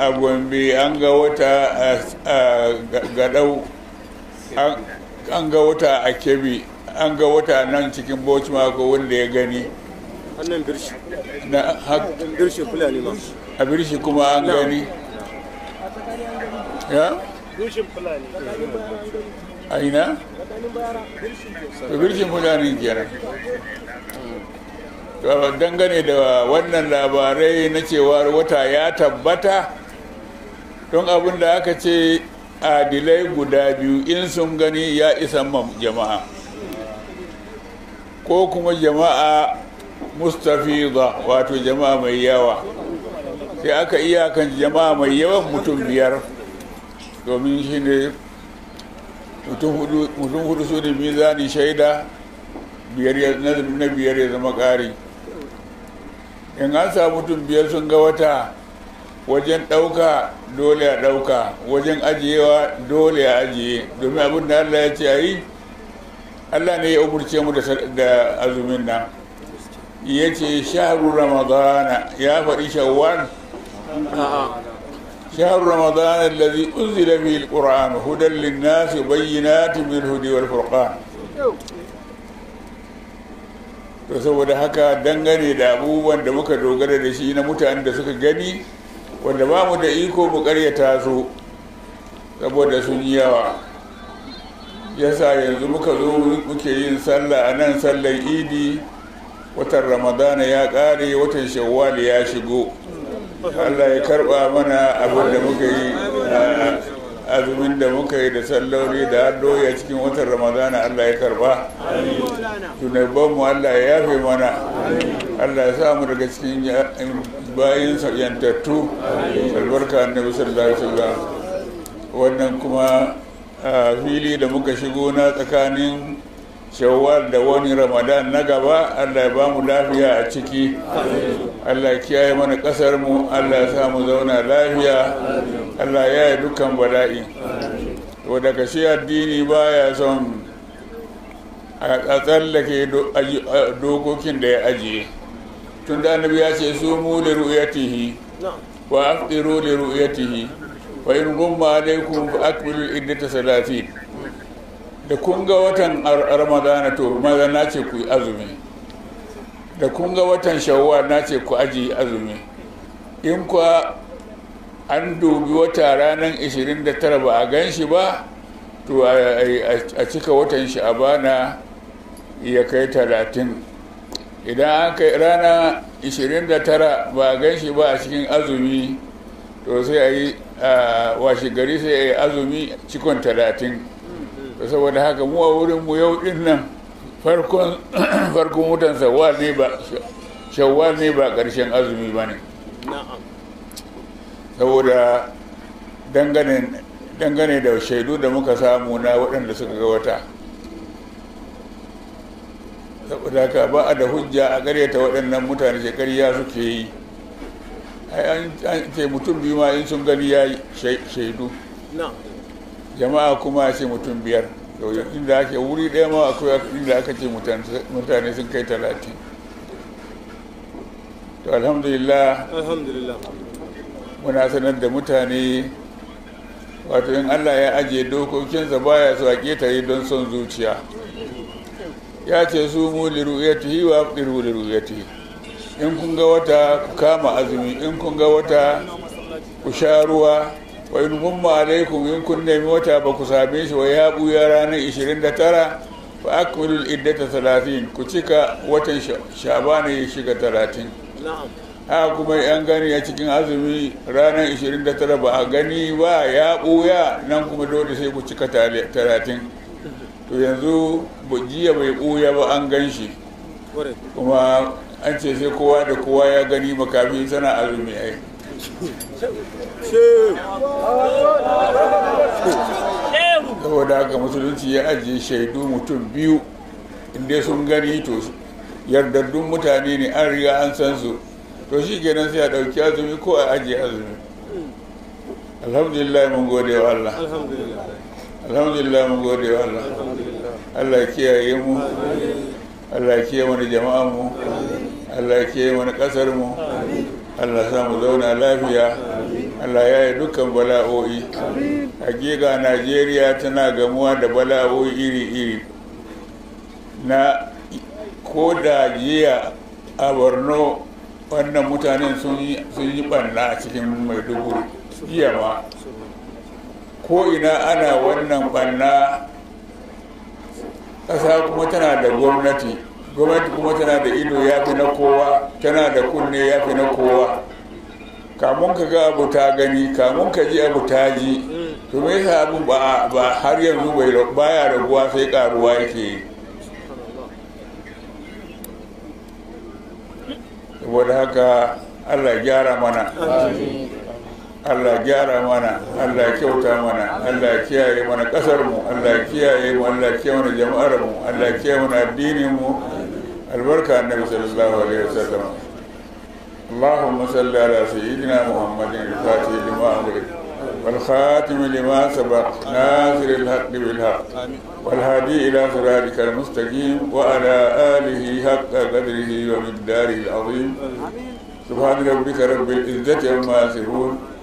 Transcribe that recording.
a gombe an ga wata a gadau an ga wata a kebe an ga wata nan cikin bauchi mako wanda ya gani annan birshi na birshi fulani ma a birshi kuma an gani ya birshin fulani a ina birshin fulani kenan dangane da wannan labarai na cewar wata ya tabbata don abin da aka ce adilai guda biyu in sun gani ya isa jama'a ko kuma jama'a mustafiza wato jama'a mai yawa sai aka iya kan jama'a mai yawan mutum biyar domin shi ne mutum hudu su ne mizanin shaida na biyar ya zama ƙari in an samu mutum biyar sun ga wata wajen ɗauka dole a ɗauka wajen ajiyewa dole a ajiye domin abin da allah ya ce a yi allah ne ya umurce mu da azumin nan ya ce shaharu ramadana ya faɗi shawwal شهر رمضان الذي أنزل فيه القرآن هدى للناس بينات من الهدى والفرقان to saboda haka dangane da abubuwan da muka dogara da shi na mutanen da suka gani wanda ba mu da iko mu karyata su saboda sun yi yawa yasa yanzu muka zo muke yin sallah a nan sallar idi watan ramadana ya kare watan shawwal ya shigo allah ya karɓa mana abin da muka yi azumin da muka yi da salloli da addu'o'i a cikin watan ramadana Allah ya karba tunabban mu Allah ya yafe mana Allah ya samu daga cikin bayan yantattu albarka annabi sallallahu alaihi wasallam wannan kuma fili da muka shigo na tsakanin shawwal da wani ramadan na gaba allah ya ba mu lafiya a ciki allah kiyaye mana kasar mu allah ya sa mu zauna lafiya allah ya yi dukkan bala'i to daga shi addini baya son a ke dokokin da ya ajiye tun da annabi ya ce su mu da ru'yatihi wa afdiru li ru'yatihi wa in gumma alaikum fa akmilu iddata salatin da kun ga watan ramadana to maza na ce ku yi azumi da kun ga watan shawwa na ce ku aji azumi in kuwa an dubi wata ranar 29 ba a gan shi ba to a cika watan shi a bana ya kai 30 idan an kai rana 29 ba a gan shi ba a cikin azumi to sai a yi washe gari sai a yi azumi cikon 30 saboda haka mu a wurin mu yau din nan farkon wutan shawwal ne ba ne ba karshen azumi ba ne saboda dangane da shaidu da muka samu na waɗanda suka ga wata saboda haka ba a da hujja a ta waɗannan mutane ya suke yi an ce mutum biyu ma in sun gani ya yi shaidu jama'a kuma a ce mutum biyar inda ake wuri ɗaya ma akwai inda aka ce mutane sun kai talatin to alhamdulillah muna sanar da mutane wato in allah ya ajiye dokokinsa baya su a ƙetare don son zuciya ya ce su mu liruyatihi wa ya liruyatihi in kun ga wata ku kama azumi in kun ga wata ku sha ruwa wai lumumma alaikum in kun nemi wata ba ku same shi wai ya buya ranar 29 fa akmilul iddata 30 ku cika watan shabana ya shiga 30 ha kuma yan gani a cikin azumi ranar 29 ba a gani ba ya buya nan kuma dole sai ku cika talatin to yanzu jiya bai buya ba an gan shi kuma an ce sai kowa da kowa ya gani makafi tana azumi ai saboda haka musulunci ya ajiye shaidu mutum biyu inda sun gani to yardaddun mutane ne an riga an san su to shi kenan sai a ɗauki azumi ko a ajiye azumi alhamdulillah mun gode wa Allah alhamdulillah mun gode wa Allah Allah kiyaye mu Allah kiyaye wani jama'a mu Allah kiyaye wani ƙasar mu Allah samu zauna lafiya Allah ya yi dukkan bala'o'i hakika Najeriya tana gamuwa da bala'o'i iri-iri na ko da jiya a borno wannan mutanen sun yi ɓanna a cikin maiduguri jiya ma ko ina ana wannan ɓanna ƙasa kuma tana da gwamnati gwamnati kuma tana da ido ya fi na kowa tana da kunne ya fi na kowa kamun ka ga abu ta gani kamun ka ji abu ta ji to me yasa abu ba har yanzu bai baya raguwa sai karuwa yake yi saboda haka allah gyara mana allah gyara mana allah kyauta mana allah kiyaye mana kasar mu allah kiyaye mu allah kiyaye mana jama'ar mu allah kiyaye mana addinin mu البركة النبي صلى الله عليه وسلم اللهم صل على سيدنا محمد الفاتح لما أمرك والخاتم لما سبق ناصر الحق بالحق والهادي إلى صراطك المستقيم وعلى آله حق قدره ومقداره العظيم سبحان ربك رب العزة عما يصفون